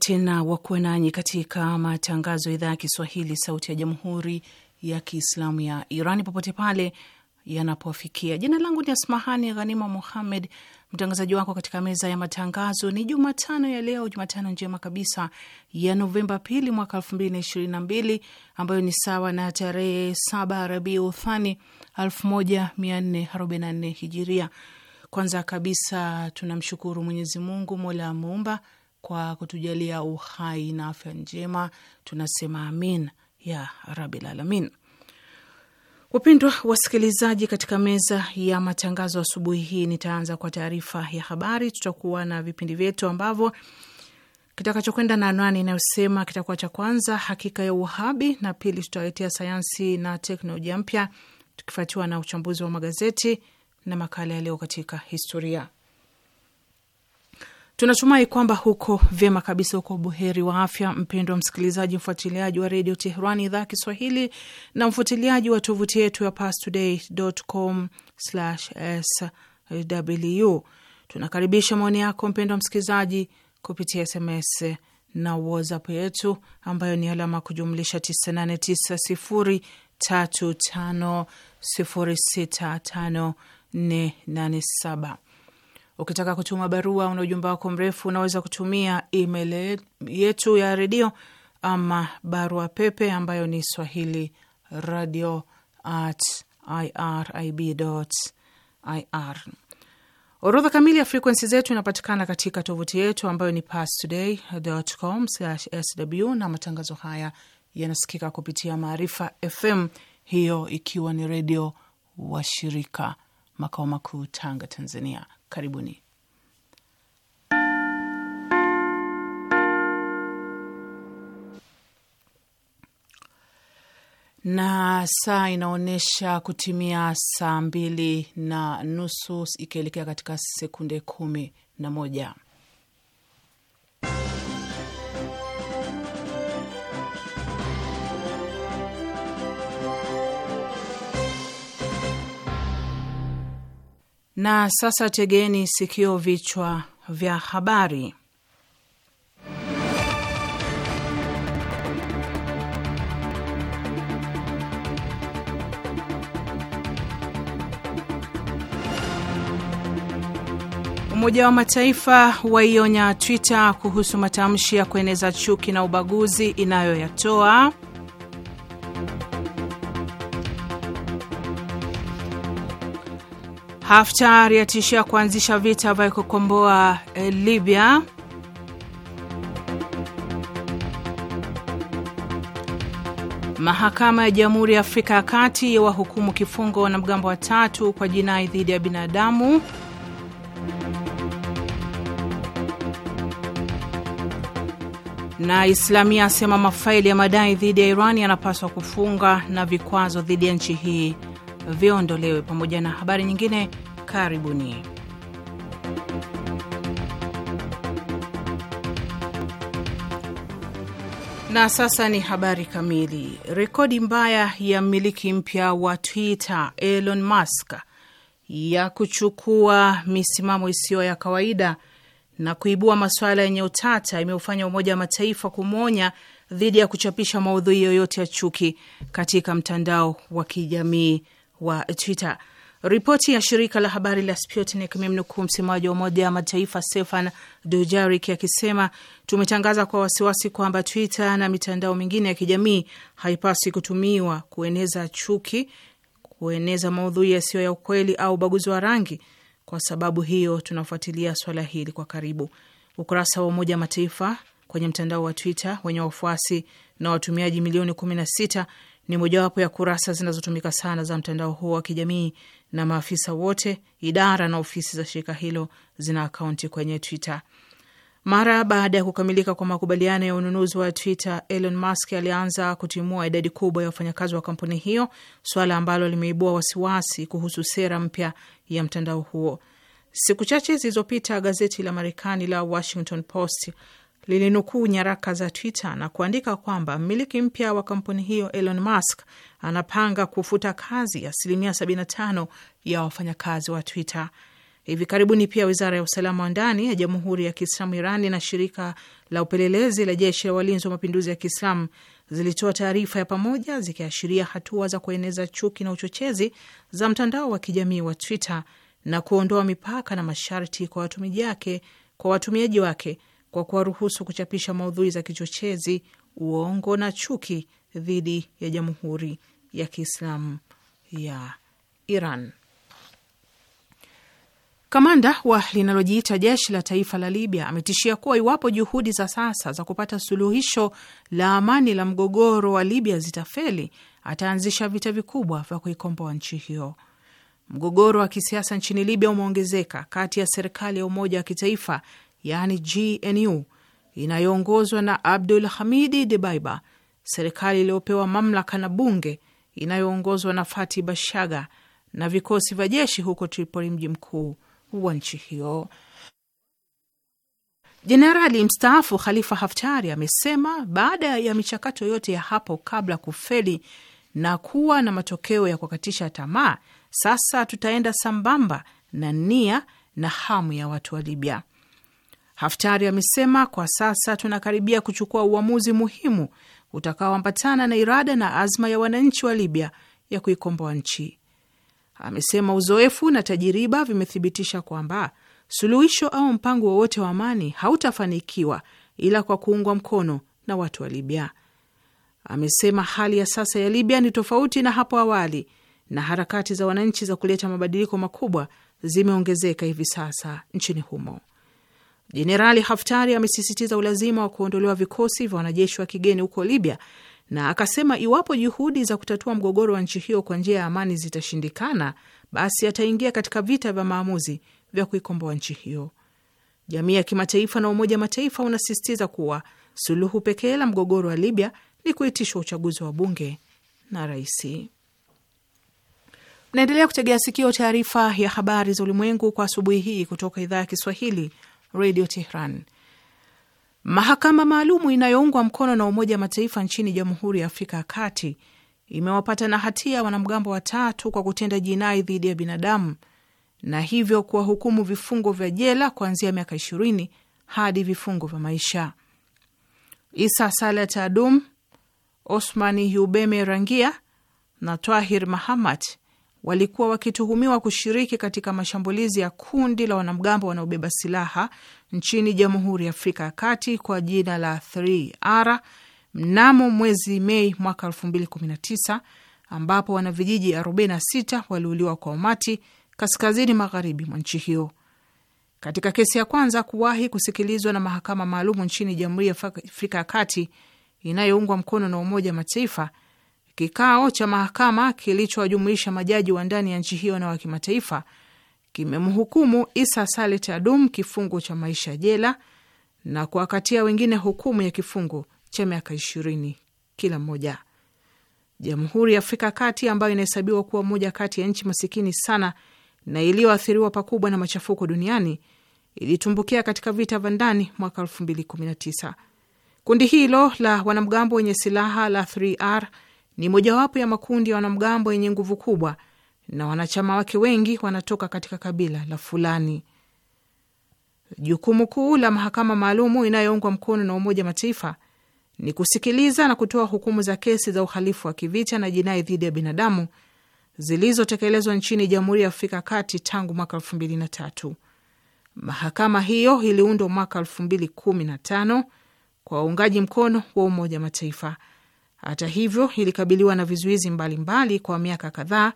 tena wa kuwa nanyi katika matangazo ya idhaa ya Kiswahili, sauti ya jamhuri ya kiislamu ya Iran, popote pale yanapofikia. Jina langu ni Asmahani Ghanima Muhammed, mtangazaji wako katika meza ya matangazo. Ni Jumatano ya leo, Jumatano njema kabisa ya Novemba pili mwaka elfu mbili na ishirini na mbili ambayo ni sawa na tarehe saba Rabiu Thani elfu moja mia nne arobaini na nne hijiria. Kwanza kabisa tunamshukuru Mwenyezi Mungu mola muumba kwa kutujalia uhai na afya njema, tunasema amin ya rabil alamin. Wapendwa wasikilizaji, katika meza ya matangazo asubuhi hii nitaanza kwa taarifa ya habari. Tutakuwa na vipindi vyetu ambavyo kitakachokwenda na anwani inayosema kitakuwa cha kwanza hakika ya uhabi, na pili tutawaletea sayansi na teknolojia mpya, tukifuatiwa na uchambuzi wa magazeti na makala ya leo katika historia. Tunatumai kwamba huko vyema kabisa, huko buheri wa afya, mpendwa msikilizaji, mfuatiliaji wa redio Teherani idhaa Kiswahili na mfuatiliaji wa tovuti yetu ya pastoday.com/sw. Tunakaribisha maoni yako mpendwa msikilizaji kupitia SMS na WhatsApp yetu ambayo ni alama kujumlisha 989035065487. Ukitaka kutuma barua, una ujumbe wako mrefu, unaweza kutumia email yetu ya redio ama barua pepe ambayo ni swahili radio at irib ir. Orodha kamili ya frekuensi zetu inapatikana katika tovuti yetu ambayo ni pastoday.com sw, na matangazo haya yanasikika kupitia Maarifa FM, hiyo ikiwa ni redio wa shirika makao makuu Tanga, Tanzania. Karibuni. na saa inaonyesha kutimia saa mbili na nusu ikielekea katika sekunde kumi na moja. Na sasa tegeni sikio, vichwa vya habari. Umoja wa Mataifa waionya Twitter kuhusu matamshi ya kueneza chuki na ubaguzi inayoyatoa. Haftar yatishia kuanzisha vita vya kukomboa eh, Libya. Mahakama ya Jamhuri ya Afrika ya Kati yawahukumu kifungo wanamgambo watatu kwa jinai dhidi ya binadamu. Na Islamia asema mafaili ya madai dhidi ya Iran yanapaswa kufunga na vikwazo dhidi ya nchi hii viondolewe, pamoja na habari nyingine. Karibuni. Na sasa ni habari kamili. Rekodi mbaya ya mmiliki mpya wa Twitter Elon Musk ya kuchukua misimamo isiyo ya kawaida na kuibua masuala yenye utata imeufanya Umoja wa Mataifa kumwonya dhidi ya kuchapisha maudhui yoyote ya chuki katika mtandao wa kijamii wa Twitter. Ripoti ya shirika la habari la Sputnik imemnukuu msemaji wa Umoja wa Mataifa Stefan Dujarik akisema tumetangaza kwa wasiwasi kwamba Twitter na mitandao mingine ya kijamii haipasi kutumiwa kueneza chuki, kueneza maudhui yasiyo ya ukweli au ubaguzi wa rangi. Kwa sababu hiyo, tunafuatilia swala hili kwa karibu. Ukurasa wa Umoja wa Mataifa kwenye mtandao wa Twitter wenye wafuasi na watumiaji milioni 16 ni mojawapo ya kurasa zinazotumika sana za mtandao huo wa kijamii, na maafisa wote, idara na ofisi za shirika hilo zina akaunti kwenye Twitter. Mara baada ya kukamilika kwa makubaliano ya ununuzi wa Twitter, Elon Musk alianza kutimua idadi kubwa ya wafanyakazi wa kampuni hiyo, swala ambalo limeibua wasiwasi kuhusu sera mpya ya mtandao huo. Siku chache zilizopita, gazeti la Marekani la Washington Post lilinukuu nyaraka za Twitter na kuandika kwamba mmiliki mpya wa kampuni hiyo Elon Musk anapanga kufuta kazi asilimia 75 ya wafanyakazi wa Twitter. Hivi karibuni pia wizara ya usalama wa ndani ya Jamhuri ya Kiislamu Irani na shirika la upelelezi la jeshi la walinzi wa mapinduzi ya Kiislamu zilitoa taarifa ya pamoja zikiashiria hatua za kueneza chuki na uchochezi za mtandao wa kijamii wa Twitter na kuondoa mipaka na masharti kwa watumiaji wake kwa kuwaruhusu kuchapisha maudhui za kichochezi, uongo na chuki dhidi ya Jamhuri ya Kiislamu ya Iran. Kamanda wa linalojiita jeshi la taifa la Libya ametishia kuwa iwapo juhudi za sasa za kupata suluhisho la amani la mgogoro wa Libya zitafeli, ataanzisha vita vikubwa vya kuikomboa nchi hiyo. Mgogoro wa kisiasa nchini Libya umeongezeka kati ya serikali ya umoja wa kitaifa yaani GNU inayoongozwa na Abdul Hamidi debaiba serikali iliyopewa mamlaka na bunge inayoongozwa na Fati Bashaga na vikosi vya jeshi huko Tripoli, mji mkuu wa nchi hiyo. Jenerali mstaafu Khalifa Haftari amesema baada ya michakato yote ya hapo kabla kufeli na kuwa na matokeo ya kukatisha tamaa, sasa tutaenda sambamba na nia na hamu ya watu wa Libya. Haftari amesema kwa sasa tunakaribia kuchukua uamuzi muhimu utakaoambatana na irada na azma ya wananchi wa Libya ya kuikomboa nchi. Amesema uzoefu na tajiriba vimethibitisha kwamba suluhisho au mpango wowote wa amani hautafanikiwa ila kwa kuungwa mkono na watu wa Libya. Amesema hali ya sasa ya Libya ni tofauti na hapo awali na harakati za wananchi za kuleta mabadiliko makubwa zimeongezeka hivi sasa nchini humo. Jenerali Haftari amesisitiza ulazima wa kuondolewa vikosi vya wanajeshi wa kigeni huko Libya na akasema iwapo juhudi za kutatua mgogoro wa nchi hiyo kwa njia ya amani zitashindikana, basi ataingia katika vita vya maamuzi vya kuikomboa nchi hiyo. Jamii ya kimataifa na Umoja wa Mataifa unasisitiza kuwa suluhu pekee la mgogoro wa Libya ni kuitishwa uchaguzi wa bunge na raisi. Naendelea kutegea sikio taarifa ya habari za ulimwengu kwa asubuhi hii kutoka idhaa ya Kiswahili Radio Tehran. Mahakama maalumu inayoungwa mkono na Umoja wa Mataifa nchini Jamhuri ya Afrika ya Kati imewapata na hatia wanamgambo watatu kwa kutenda jinai dhidi ya binadamu na hivyo kuwahukumu vifungo vya jela kuanzia miaka ishirini hadi vifungo vya maisha. Isa Saleh Adum, Osmani Yubeme Rangia na Twahir Mahamat walikuwa wakituhumiwa kushiriki katika mashambulizi ya kundi la wanamgambo wanaobeba silaha nchini Jamhuri ya Afrika ya Kati kwa jina la 3R mnamo mwezi Mei mwaka 2019 ambapo wanavijiji 46 waliuliwa kwa umati kaskazini magharibi mwa nchi hiyo. Katika kesi ya kwanza kuwahi kusikilizwa na mahakama maalumu nchini Jamhuri ya Afrika ya Kati inayoungwa mkono na Umoja Mataifa Kikao cha mahakama kilichowajumuisha majaji wa ndani ya nchi hiyo na wa kimataifa kimemhukumu Isa Salit Adum kifungo cha maisha jela na kuwakatia wengine hukumu ya kifungo cha miaka ishirini kila mmoja. Jamhuri ya Afrika Kati ambayo inahesabiwa kuwa moja kati ya nchi masikini sana na iliyoathiriwa pakubwa na machafuko duniani ilitumbukia katika vita vya ndani mwaka 2019. Kundi hilo la wanamgambo wenye silaha la 3R ni mojawapo ya makundi ya wanamgambo yenye nguvu kubwa na wanachama wake wengi wanatoka katika kabila la fulani. Jukumu kuu la mahakama maalumu inayoungwa mkono na Umoja Mataifa ni kusikiliza na kutoa hukumu za kesi za uhalifu wa kivita na jinai dhidi ya binadamu zilizotekelezwa nchini Jamhuri ya Afrika ya Kati tangu mwaka elfu mbili na tatu. Mahakama hiyo iliundwa mwaka elfu mbili kumi na tano kwa uungaji mkono wa Umoja Mataifa. Hata hivyo, ilikabiliwa na vizuizi mbalimbali mbali kwa miaka kadhaa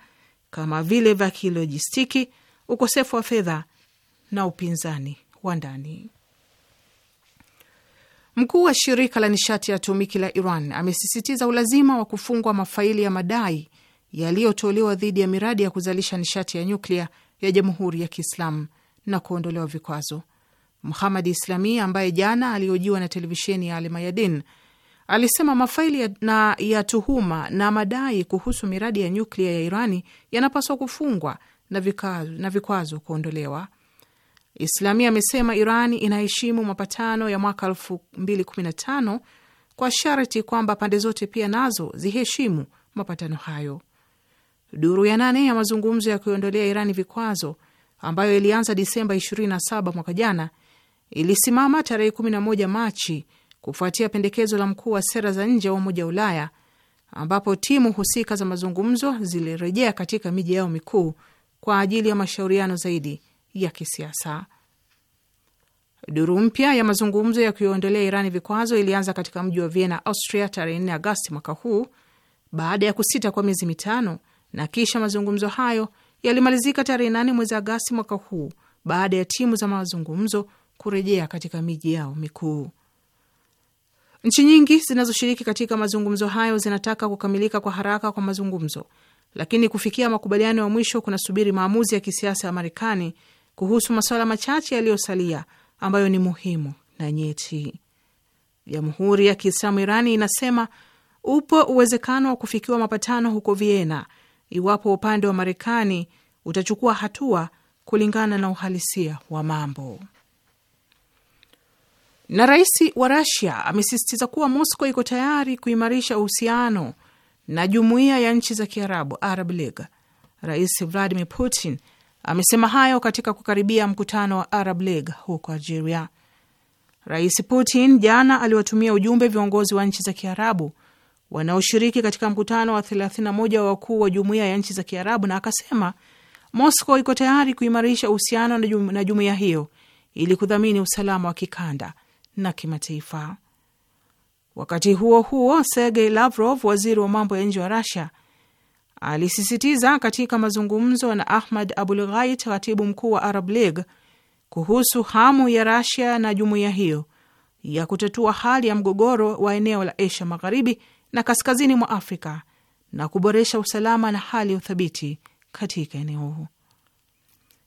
kama vile vya kilojistiki, ukosefu wa fedha na upinzani wa ndani. Mkuu wa shirika la nishati ya atomiki la Iran amesisitiza ulazima wa kufungwa mafaili ya madai yaliyotolewa dhidi ya miradi ya kuzalisha nishati ya nyuklia ya Jamhuri ya Kiislamu na kuondolewa vikwazo. Muhamad Islami ambaye jana alihojiwa na televisheni ya almayadin alisema mafaili ya, na, ya tuhuma na madai kuhusu miradi ya nyuklia ya Irani yanapaswa kufungwa na, vika, na vikwazo kuondolewa. Islamia amesema Irani inaheshimu mapatano ya mwaka 2015 kwa sharti kwamba pande zote pia nazo ziheshimu mapatano hayo. Duru ya nane ya mazungumzo ya kuiondolea Irani vikwazo ambayo ilianza Disemba 27 mwaka jana ilisimama tarehe 11 Machi kufuatia pendekezo la mkuu wa sera za nje wa Umoja wa Ulaya, ambapo timu husika za mazungumzo zilirejea katika miji yao mikuu kwa ajili ya mashauriano zaidi ya kisiasa. Duru mpya ya mazungumzo ya kuiondolea Irani vikwazo ilianza katika mji wa Vienna, Austria, tarehe 4 Agosti mwaka huu baada ya kusita kwa miezi mitano, na kisha mazungumzo hayo yalimalizika tarehe nane mwezi Agasti mwaka huu baada ya timu za mazungumzo kurejea katika miji yao mikuu. Nchi nyingi zinazoshiriki katika mazungumzo hayo zinataka kukamilika kwa haraka kwa mazungumzo, lakini kufikia makubaliano ya mwisho kunasubiri maamuzi ya kisiasa ya Marekani kuhusu masuala machache yaliyosalia ambayo ni muhimu na nyeti. Jamhuri ya Kiislamu Irani inasema upo uwezekano wa kufikiwa mapatano huko Vienna iwapo upande wa Marekani utachukua hatua kulingana na uhalisia wa mambo. Na rais wa Rasia amesisitiza kuwa Moscow iko tayari kuimarisha uhusiano na jumuiya ya nchi za Kiarabu, Arab League. Rais Vladimir Putin amesema hayo katika kukaribia mkutano wa Arab League huko Algeria. Rais Putin jana aliwatumia ujumbe viongozi wa nchi za Kiarabu wanaoshiriki katika mkutano wa 31 wa wakuu wa jumuiya ya nchi za Kiarabu, na akasema Moscow iko tayari kuimarisha uhusiano na jumuiya hiyo ili kudhamini usalama wa kikanda na kimataifa. Wakati huo huo, Sergei Lavrov, waziri wa mambo ya nje wa Rasia, alisisitiza katika mazungumzo na Ahmad Abul Ghait, katibu mkuu wa Arab League, kuhusu hamu ya Rasia na jumuiya hiyo ya kutatua hali ya mgogoro wa eneo la Asia magharibi na kaskazini mwa Afrika na kuboresha usalama na hali ya uthabiti katika eneo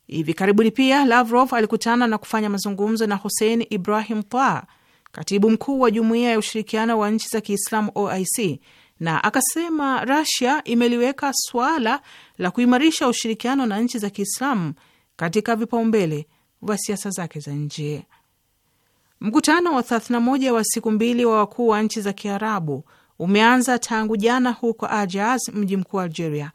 Hivi karibuni pia Lavrov alikutana na kufanya mazungumzo na Hussein Ibrahim Pa, katibu mkuu wa jumuiya ya ushirikiano wa nchi za Kiislamu OIC, na akasema rasia imeliweka swala la kuimarisha ushirikiano na nchi za Kiislamu katika vipaumbele vya siasa zake za nje. Mkutano wa 31 wa siku mbili wa wakuu wa nchi za Kiarabu umeanza tangu jana huko ajaz mji mkuu wa Algeria,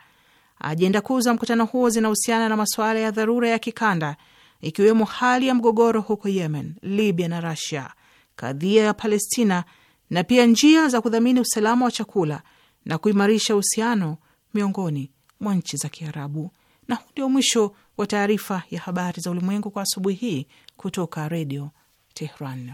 Ajenda kuu za mkutano huo zinahusiana na masuala ya dharura ya kikanda, ikiwemo hali ya mgogoro huko Yemen, Libya na rasia kadhia ya Palestina na pia njia za kudhamini usalama wa chakula na kuimarisha uhusiano miongoni mwa nchi za Kiarabu. Na huu ndio mwisho wa taarifa ya habari za ulimwengu kwa asubuhi hii kutoka Redio Tehran.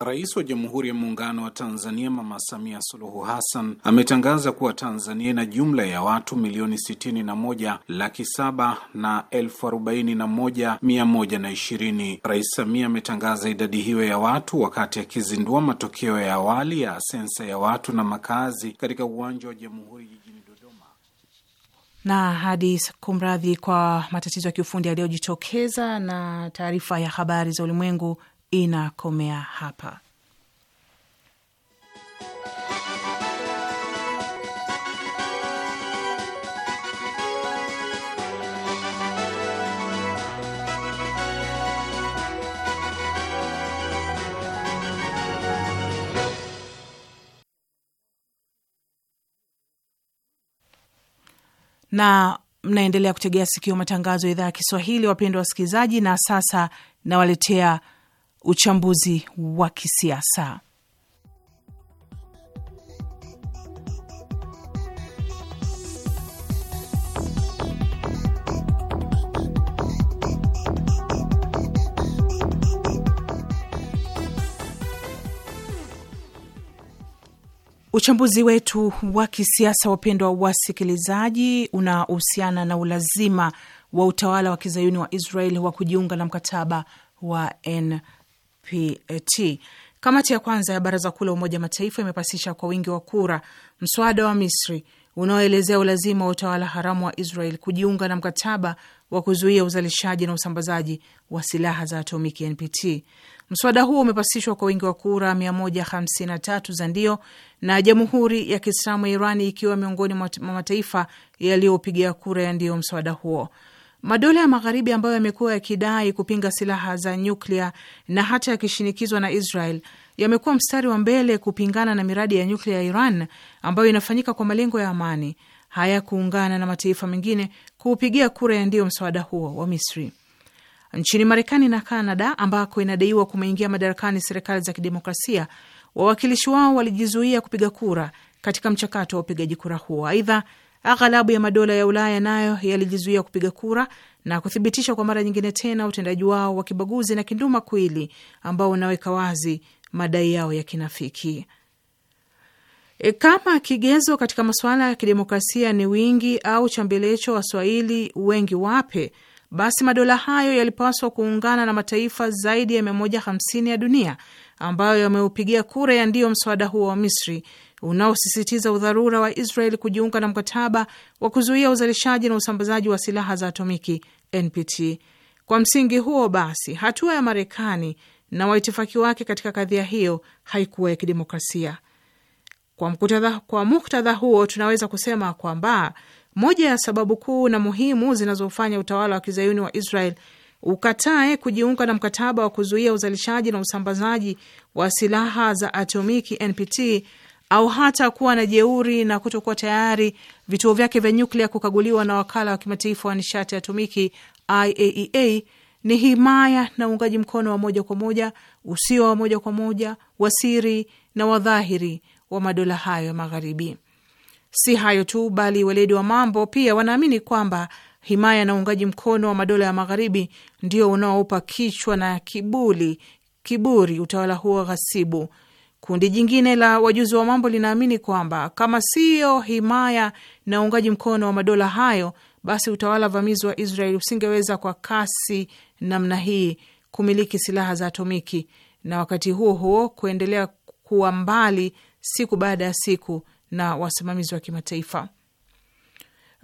Rais wa Jamhuri ya Muungano wa Tanzania Mama Samia Suluhu Hassan ametangaza kuwa Tanzania ina jumla ya watu milioni sitini na moja laki saba na elfu arobaini na moja mia moja na ishirini. Rais Samia ametangaza idadi hiyo ya watu wakati akizindua matokeo ya awali ya sensa ya watu na makazi katika uwanja wa Jamhuri jijini dodoma na hadi kumradhi kwa matatizo ya kiufundi yaliyojitokeza. Na taarifa ya habari za ulimwengu inakomea hapa. na mnaendelea kutegea sikio matangazo ya idhaa ya Kiswahili, wapendwa wasikilizaji. Na sasa nawaletea uchambuzi wa kisiasa. Uchambuzi wetu wa kisiasa, wapendwa wasikilizaji, unahusiana na ulazima wa utawala wa kizayuni wa Israel wa kujiunga na mkataba wa N PAT. Kamati ya kwanza ya baraza kuu la Umoja Mataifa imepasisha kwa wingi wa kura mswada wa Misri unaoelezea ulazima wa utawala haramu wa Israel kujiunga na mkataba wa kuzuia uzalishaji na usambazaji wa silaha za atomiki NPT. Mswada huo umepasishwa kwa wingi wa kura 153 za ndio, na Jamhuri ya Kiislamu ya Irani ikiwa miongoni mwa mataifa yaliyopiga kura ya ndio mswada huo. Madola ya Magharibi ambayo yamekuwa yakidai kupinga silaha za nyuklia na hata yakishinikizwa na Israel yamekuwa mstari wa mbele kupingana na miradi ya nyuklia ya Iran ambayo inafanyika kwa malengo ya amani, hayakuungana na mataifa mengine kuupigia kura ya ndio mswada huo wa Misri. Nchini Marekani na Kanada ambako inadaiwa kumeingia madarakani serikali za kidemokrasia, wawakilishi wao walijizuia kupiga kura katika mchakato wa upigaji kura huo. Aidha, Aghalabu ya madola ya Ulaya nayo yalijizuia kupiga kura na kuthibitisha kwa mara nyingine tena utendaji wao wa kibaguzi na kinduma kwili ambao unaweka wazi madai yao ya kinafiki. E, kama kigezo katika masuala ya kidemokrasia ni wingi au chambelecho Waswahili wengi wape, basi madola hayo yalipaswa kuungana na mataifa zaidi ya 150 ya dunia ambayo yameupigia kura ya ndiyo mswada huo wa Misri unaosisitiza udharura wa Israel kujiunga na mkataba wa kuzuia uzalishaji na usambazaji wa silaha za atomiki NPT. Kwa msingi huo basi, hatua ya Marekani na waitifaki wake katika kadhia hiyo haikuwa ya kidemokrasia. Kwa muktadha, kwa muktadha huo tunaweza kusema kwamba moja ya sababu kuu na muhimu zinazofanya utawala wa kizayuni wa Israel ukatae kujiunga na mkataba wa kuzuia uzalishaji na usambazaji wa silaha za atomiki NPT au hata kuwa na jeuri na kutokuwa tayari vituo vyake vya nyuklia kukaguliwa na wakala wa kimataifa wa nishati ya atomiki IAEA e ni himaya na uungaji mkono wa moja kwa moja, usio wa moja kwa moja, wa siri na wadhahiri wa madola hayo ya Magharibi. Si hayo tu, bali weledi wa mambo pia wanaamini kwamba himaya na uungaji mkono wa madola ya magharibi ndio unaoupa kichwa na kibuli kiburi utawala huo ghasibu. Kundi jingine la wajuzi wa mambo linaamini kwamba kama siyo himaya na uungaji mkono wa madola hayo, basi utawala vamizi wa Israeli usingeweza kwa kasi namna hii kumiliki silaha za atomiki na wakati huo huo kuendelea kuwa mbali siku baada ya siku na wasimamizi wa kimataifa.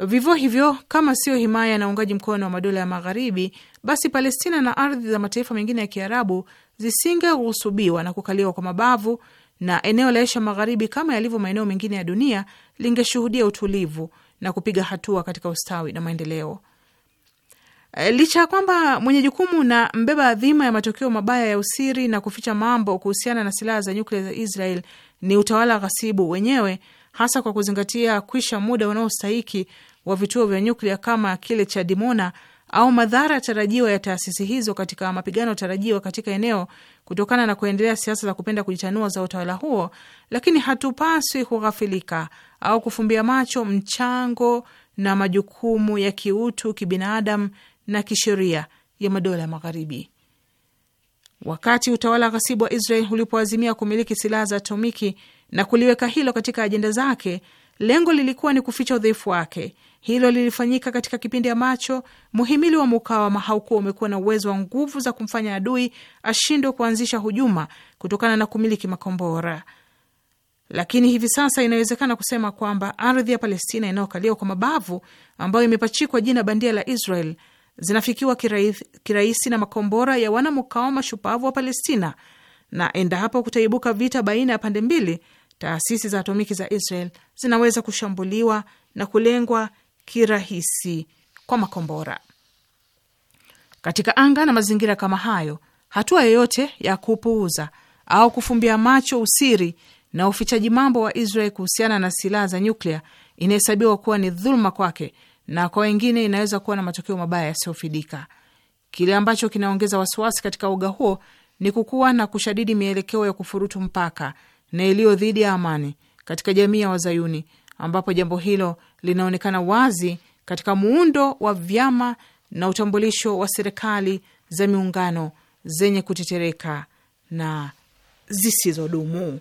Vivyo hivyo, kama sio himaya na uungaji mkono wa madola ya Magharibi, basi Palestina na ardhi za mataifa mengine ya Kiarabu zisingehusubiwa na kukaliwa kwa mabavu, na eneo la Asia Magharibi, kama yalivyo maeneo mengine ya dunia, lingeshuhudia utulivu na kupiga hatua katika ustawi na maendeleo. Eh, licha ya kwamba mwenye jukumu na mbeba adhima ya matokeo mabaya ya usiri na kuficha mambo kuhusiana na silaha za nyuklia za Israel ni utawala ghasibu wenyewe, hasa kwa kuzingatia kwisha muda unaostahiki wa vituo vya nyuklia kama kile cha Dimona au madhara tarajiwa ya taasisi hizo katika mapigano tarajiwa katika eneo kutokana na kuendelea siasa za kupenda kujitanua za utawala huo, lakini hatupaswi kughafilika au kufumbia macho mchango na majukumu ya kiutu, kibinadamu na kisheria ya madola magharibi. Wakati utawala ghasibu wa Israel ulipoazimia kumiliki silaha za atomiki na kuliweka hilo katika ajenda zake Lengo lilikuwa ni kuficha udhaifu wake. Hilo lilifanyika katika kipindi ambacho muhimili wa mukawama haukuwa umekuwa na uwezo wa nguvu za kumfanya adui ashindwe kuanzisha hujuma kutokana na kumiliki makombora. Lakini hivi sasa inawezekana kusema kwamba ardhi ya Palestina inayokaliwa kwa mabavu ambayo imepachikwa jina bandia la Israel zinafikiwa kirahisi na makombora ya wanamukawama shupavu wa Palestina, na endapo kutaibuka vita baina ya pande mbili, taasisi za atomiki za Israel zinaweza kushambuliwa na kulengwa kirahisi kwa makombora. Katika anga na mazingira kama hayo, hatua yoyote ya kupuuza au kufumbia macho usiri na ufichaji mambo wa Israel kuhusiana na silaha za nyuklia inahesabiwa kuwa ni dhuluma kwake na kwa wengine inaweza kuwa na matokeo mabaya yasiyofidika. Kile ambacho kinaongeza wasiwasi katika uga huo ni kukuwa na kushadidi mielekeo ya kufurutu mpaka na iliyo dhidi ya amani katika jamii ya Wazayuni, ambapo jambo hilo linaonekana wazi katika muundo wa vyama na utambulisho wa serikali za miungano zenye kutetereka na zisizodumu.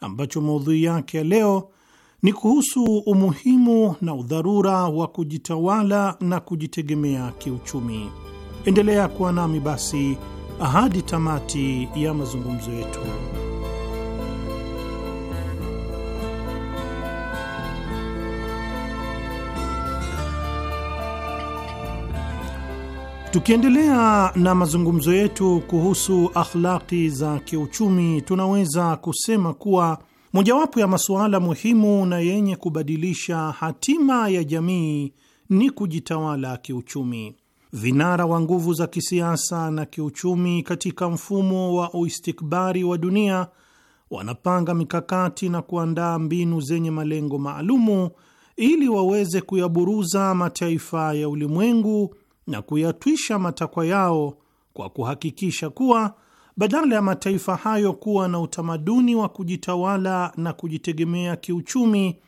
ambacho maudhui yake ya leo ni kuhusu umuhimu na udharura wa kujitawala na kujitegemea kiuchumi. Endelea kuwa nami basi ahadi tamati ya mazungumzo yetu. Tukiendelea na mazungumzo yetu kuhusu akhlaki za kiuchumi, tunaweza kusema kuwa mojawapo ya masuala muhimu na yenye kubadilisha hatima ya jamii ni kujitawala kiuchumi. Vinara wa nguvu za kisiasa na kiuchumi katika mfumo wa uistikbari wa dunia wanapanga mikakati na kuandaa mbinu zenye malengo maalumu ili waweze kuyaburuza mataifa ya ulimwengu na kuyatwisha matakwa yao kwa kuhakikisha kuwa badala ya mataifa hayo kuwa na utamaduni wa kujitawala na kujitegemea kiuchumi,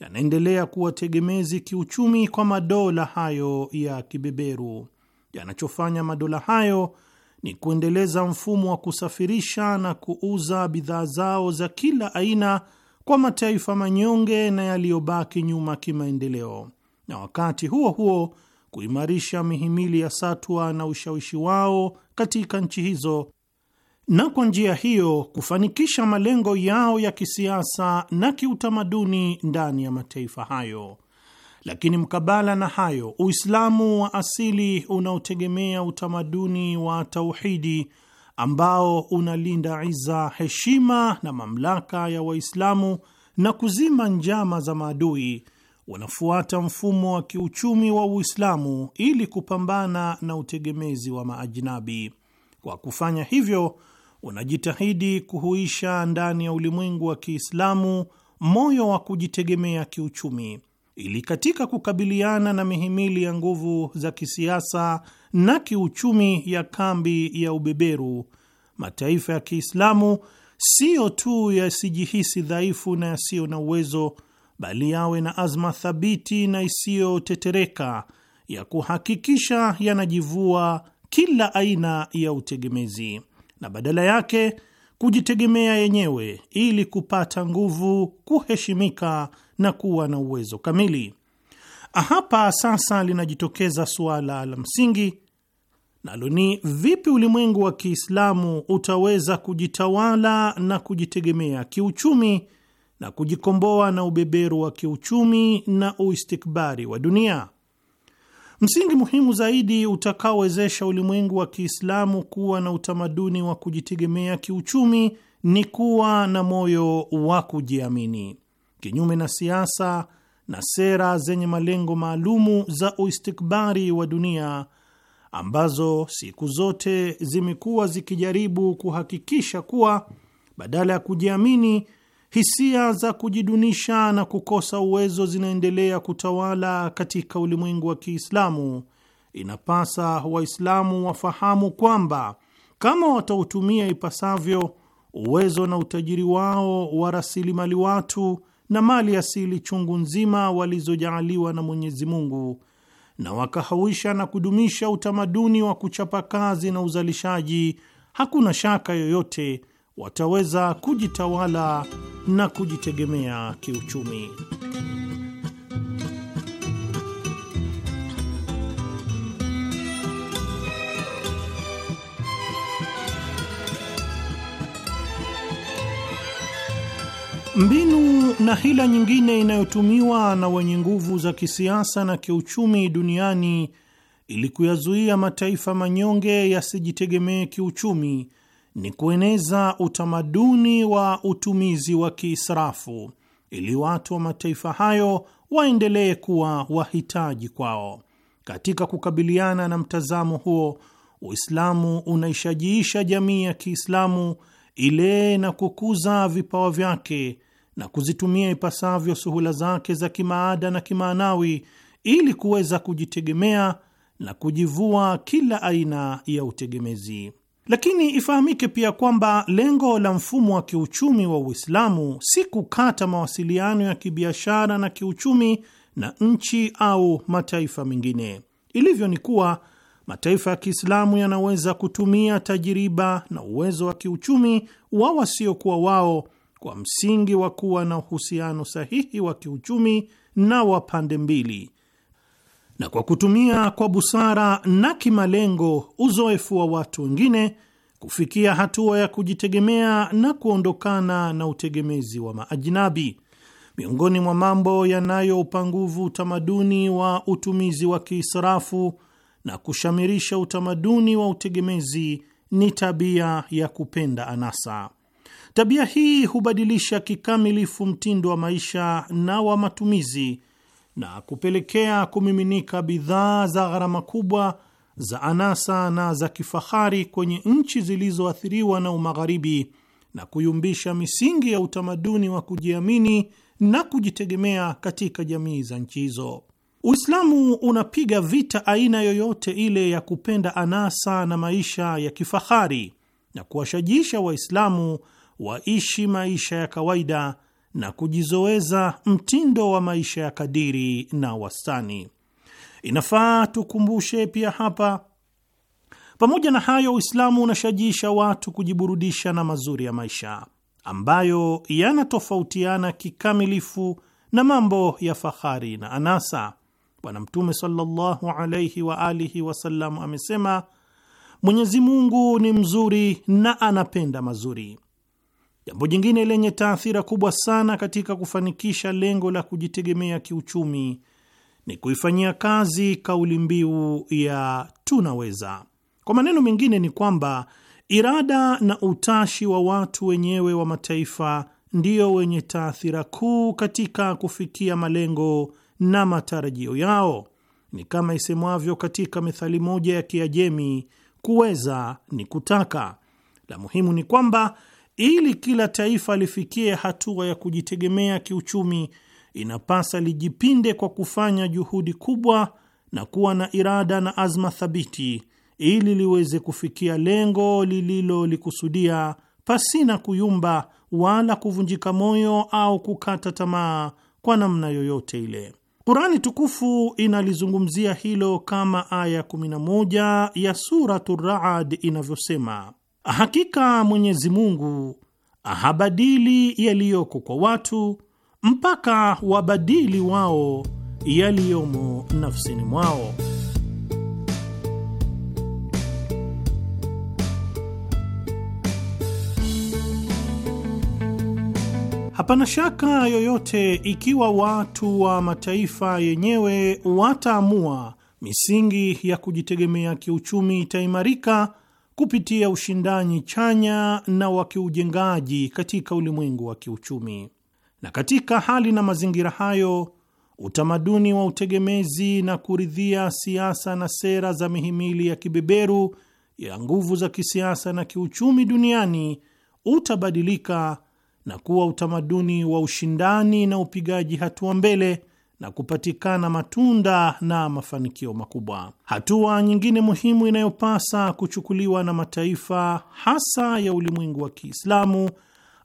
yanaendelea kuwa tegemezi kiuchumi kwa madola hayo ya kibeberu. Yanachofanya madola hayo ni kuendeleza mfumo wa kusafirisha na kuuza bidhaa zao za kila aina kwa mataifa manyonge na yaliyobaki nyuma kimaendeleo, na wakati huo huo kuimarisha mihimili ya satwa na ushawishi wao katika nchi hizo na kwa njia hiyo kufanikisha malengo yao ya kisiasa na kiutamaduni ndani ya mataifa hayo. Lakini mkabala na hayo, Uislamu wa asili unaotegemea utamaduni wa tauhidi ambao unalinda iza, heshima na mamlaka ya Waislamu na kuzima njama za maadui wanafuata mfumo wa kiuchumi wa Uislamu ili kupambana na utegemezi wa maajinabi. Kwa kufanya hivyo, wanajitahidi kuhuisha ndani ya ulimwengu wa Kiislamu moyo wa kujitegemea kiuchumi ili katika kukabiliana na mihimili ya nguvu za kisiasa na kiuchumi ya kambi ya ubeberu, mataifa ya Kiislamu siyo tu yasijihisi dhaifu na yasiyo na uwezo bali yawe na azma thabiti na isiyotetereka ya kuhakikisha yanajivua kila aina ya utegemezi na badala yake kujitegemea yenyewe ili kupata nguvu, kuheshimika na kuwa na uwezo kamili. Hapa sasa linajitokeza suala la msingi nalo ni vipi ulimwengu wa Kiislamu utaweza kujitawala na kujitegemea kiuchumi na kujikomboa na ubeberu wa kiuchumi na uistikbari wa dunia. Msingi muhimu zaidi utakaowezesha ulimwengu wa Kiislamu kuwa na utamaduni wa kujitegemea kiuchumi ni kuwa na moyo wa kujiamini, kinyume na siasa na sera zenye malengo maalumu za uistikbari wa dunia ambazo siku zote zimekuwa zikijaribu kuhakikisha kuwa badala ya kujiamini hisia za kujidunisha na kukosa uwezo zinaendelea kutawala katika ulimwengu wa Kiislamu, inapasa Waislamu wafahamu kwamba kama watautumia ipasavyo uwezo na utajiri wao wa rasilimali watu na mali asili chungu nzima walizojaaliwa na Mwenyezi Mungu, na wakahawisha na kudumisha utamaduni wa kuchapa kazi na uzalishaji, hakuna shaka yoyote wataweza kujitawala na kujitegemea kiuchumi. Mbinu na hila nyingine inayotumiwa na wenye nguvu za kisiasa na kiuchumi duniani ili kuyazuia mataifa manyonge yasijitegemee kiuchumi ni kueneza utamaduni wa utumizi wa kiisrafu ili watu wa mataifa hayo waendelee kuwa wahitaji kwao. Katika kukabiliana na mtazamo huo, Uislamu unaishajiisha jamii ya Kiislamu ile na kukuza vipawa vyake na kuzitumia ipasavyo suhula zake za kimaada na kimaanawi ili kuweza kujitegemea na kujivua kila aina ya utegemezi. Lakini ifahamike pia kwamba lengo la mfumo wa kiuchumi wa Uislamu si kukata mawasiliano ya kibiashara na kiuchumi na nchi au mataifa mengine. Ilivyo ni kuwa mataifa ya Kiislamu yanaweza kutumia tajiriba na uwezo wa kiuchumi wa wasiokuwa wao kwa msingi wa kuwa na uhusiano sahihi wa kiuchumi na wa pande mbili na kwa kutumia kwa busara na kimalengo uzoefu wa watu wengine kufikia hatua ya kujitegemea na kuondokana na utegemezi wa maajinabi. Miongoni mwa mambo yanayoupa nguvu utamaduni wa utumizi wa kiisarafu na kushamirisha utamaduni wa utegemezi ni tabia ya kupenda anasa. Tabia hii hubadilisha kikamilifu mtindo wa maisha na wa matumizi na kupelekea kumiminika bidhaa za gharama kubwa za anasa na za kifahari kwenye nchi zilizoathiriwa na umagharibi na kuyumbisha misingi ya utamaduni wa kujiamini na kujitegemea katika jamii za nchi hizo. Uislamu unapiga vita aina yoyote ile ya kupenda anasa na maisha ya kifahari na kuwashajisha Waislamu waishi maisha ya kawaida na kujizoweza mtindo wa maisha ya kadiri na wastani. Inafaa tukumbushe pia hapa, pamoja na hayo, Uislamu unashajiisha watu kujiburudisha na mazuri ya maisha ambayo yanatofautiana kikamilifu na mambo ya fahari na anasa. Bwana Mtume sallallahu alaihi wa alihi wasallam amesema, Mwenyezi Mungu ni mzuri na anapenda mazuri Jambo jingine lenye taathira kubwa sana katika kufanikisha lengo la kujitegemea kiuchumi ni kuifanyia kazi kauli mbiu ya tunaweza. Kwa maneno mengine, ni kwamba irada na utashi wa watu wenyewe wa mataifa ndio wenye taathira kuu katika kufikia malengo na matarajio yao. Ni kama isemwavyo katika methali moja ya Kiajemi, kuweza ni kutaka. La muhimu ni kwamba ili kila taifa lifikie hatua ya kujitegemea kiuchumi, inapasa lijipinde kwa kufanya juhudi kubwa na kuwa na irada na azma thabiti ili liweze kufikia lengo lililolikusudia pasina kuyumba wala kuvunjika moyo au kukata tamaa kwa namna yoyote ile. Kurani tukufu inalizungumzia hilo kama aya 11 ya Suratu Raad inavyosema: Hakika Mwenyezi Mungu habadili yaliyoko kwa watu mpaka wabadili wao yaliyomo nafsini mwao. Hapana shaka yoyote ikiwa watu wa mataifa yenyewe wataamua misingi ya kujitegemea kiuchumi itaimarika kupitia ushindani chanya na wa kiujengaji katika ulimwengu wa kiuchumi. Na katika hali na mazingira hayo, utamaduni wa utegemezi na kuridhia siasa na sera za mihimili ya kibeberu ya nguvu za kisiasa na kiuchumi duniani utabadilika na kuwa utamaduni wa ushindani na upigaji hatua mbele na kupatikana matunda na mafanikio makubwa. Hatua nyingine muhimu inayopasa kuchukuliwa na mataifa hasa ya ulimwengu wa Kiislamu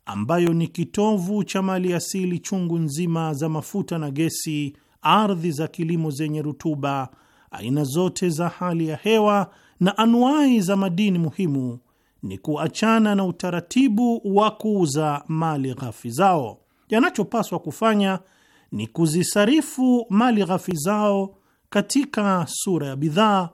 ambayo ni kitovu cha mali asili chungu nzima za mafuta na gesi, ardhi za kilimo zenye rutuba, aina zote za hali ya hewa na anuai za madini muhimu, ni kuachana na utaratibu wa kuuza mali ghafi zao. Yanachopaswa kufanya ni kuzisarifu mali ghafi zao katika sura ya bidhaa,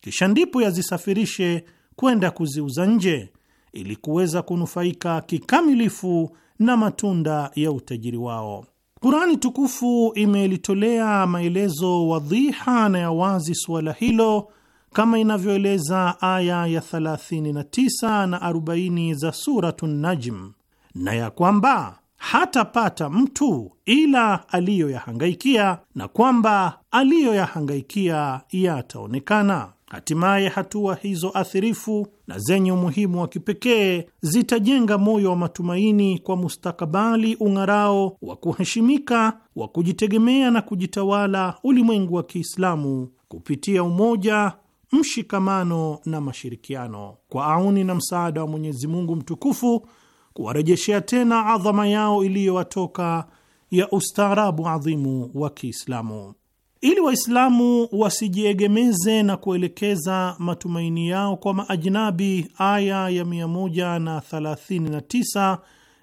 kisha ndipo yazisafirishe kwenda kuziuza nje ili kuweza kunufaika kikamilifu na matunda ya utajiri wao. Kurani tukufu imelitolea maelezo wadhiha na ya wazi suala hilo kama inavyoeleza aya ya 39 na 40 za Suratu Najm, na ya kwamba hatapata mtu ila aliyoyahangaikia na kwamba aliyoyahangaikia yataonekana. Hatimaye hatua hizo athirifu na zenye umuhimu wa kipekee zitajenga moyo wa matumaini kwa mustakabali ung'arao wa kuheshimika wa kujitegemea na kujitawala ulimwengu wa Kiislamu kupitia umoja, mshikamano na mashirikiano. Kwa auni na msaada wa Mwenyezi Mungu mtukufu kuwarejeshea tena adhama yao iliyowatoka ya ustaarabu adhimu wa Kiislamu, ili Waislamu wasijiegemeze na kuelekeza matumaini yao kwa maajnabi. Aya ya 139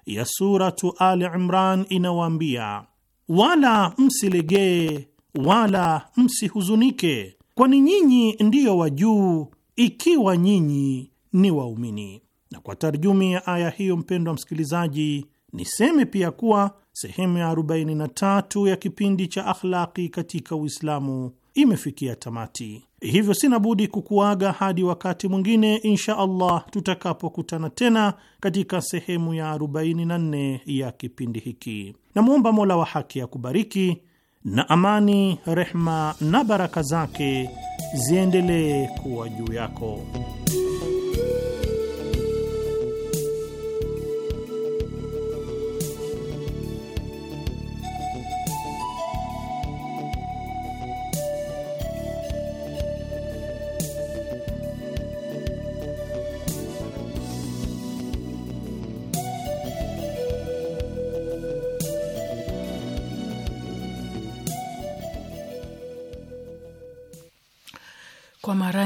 ya Suratu al Imran inawaambia, wala msilegee wala msihuzunike, kwani nyinyi ndiyo wajuu, ikiwa nyinyi ni waumini. Na kwa tarjumi ya aya hiyo, mpendwa msikilizaji, niseme pia kuwa sehemu ya 43 ya kipindi cha Akhlaqi katika Uislamu imefikia tamati. Hivyo sina budi kukuaga hadi wakati mwingine insha Allah, tutakapokutana tena katika sehemu ya 44 ya kipindi hiki. Namwomba Mola wa haki akubariki, na amani, rehma na baraka zake ziendelee kuwa juu yako.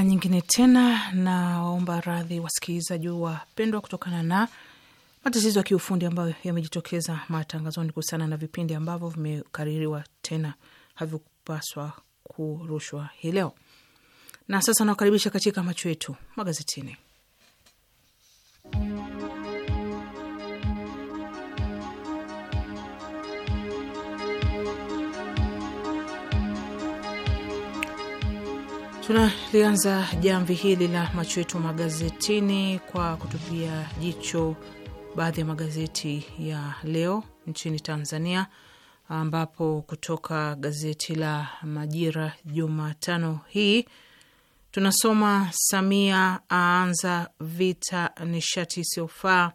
nyingine tena na waomba radhi wasikilizaji wapendwa, kutokana na matatizo ya kiufundi ambayo yamejitokeza matangazoni kuhusiana na vipindi ambavyo vimekaririwa tena havikupaswa kurushwa hii leo. Na sasa nawakaribisha katika macho yetu magazetini. Tunalianza jamvi hili la macho yetu magazetini kwa kutupia jicho baadhi ya magazeti ya leo nchini Tanzania, ambapo kutoka gazeti la Majira Jumatano hii tunasoma Samia aanza vita nishati isiyofaa,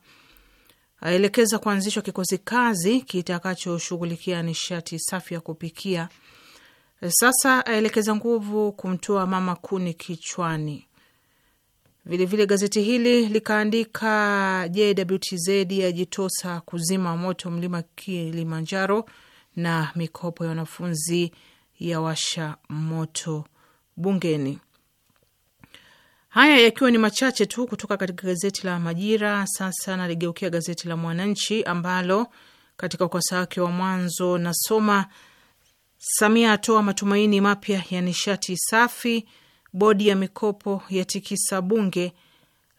aelekeza kuanzishwa kikosi kazi kitakachoshughulikia nishati safi ya kupikia sasa aelekeza nguvu kumtoa mama kuni kichwani. Vilevile vile gazeti hili likaandika JWTZ yajitosa kuzima moto mlima Kilimanjaro na mikopo ya wanafunzi ya washa moto bungeni. Haya yakiwa ni machache tu kutoka katika gazeti la Majira. Sasa naligeukia gazeti la Mwananchi ambalo katika ukurasa wake wa mwanzo nasoma Samia atoa matumaini mapya ya nishati safi. Bodi ya mikopo ya tikisa bunge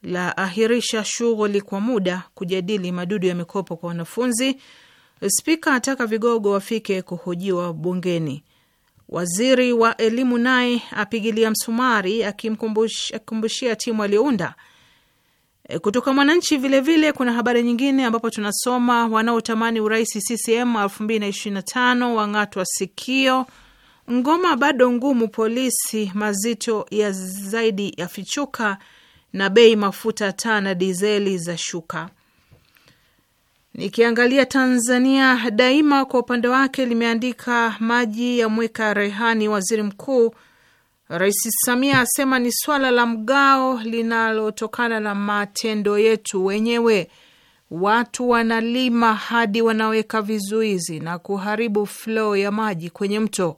la ahirisha shughuli kwa muda kujadili madudu ya mikopo kwa wanafunzi. Spika ataka vigogo wafike kuhojiwa bungeni. Waziri wa elimu naye apigilia msumari akimkumbushia timu aliyounda E, kutoka Mwananchi vilevile vile, kuna habari nyingine ambapo tunasoma wanaotamani urais CCM 2025 wang'atwa sikio. Ngoma bado ngumu, polisi mazito ya zaidi yafichuka, na bei mafuta taa na dizeli za shuka. Nikiangalia Tanzania Daima kwa upande wake limeandika maji ya mweka rehani waziri mkuu Rais Samia asema ni swala la mgao linalotokana na matendo yetu wenyewe. Watu wanalima hadi wanaweka vizuizi na kuharibu flow ya maji kwenye mto.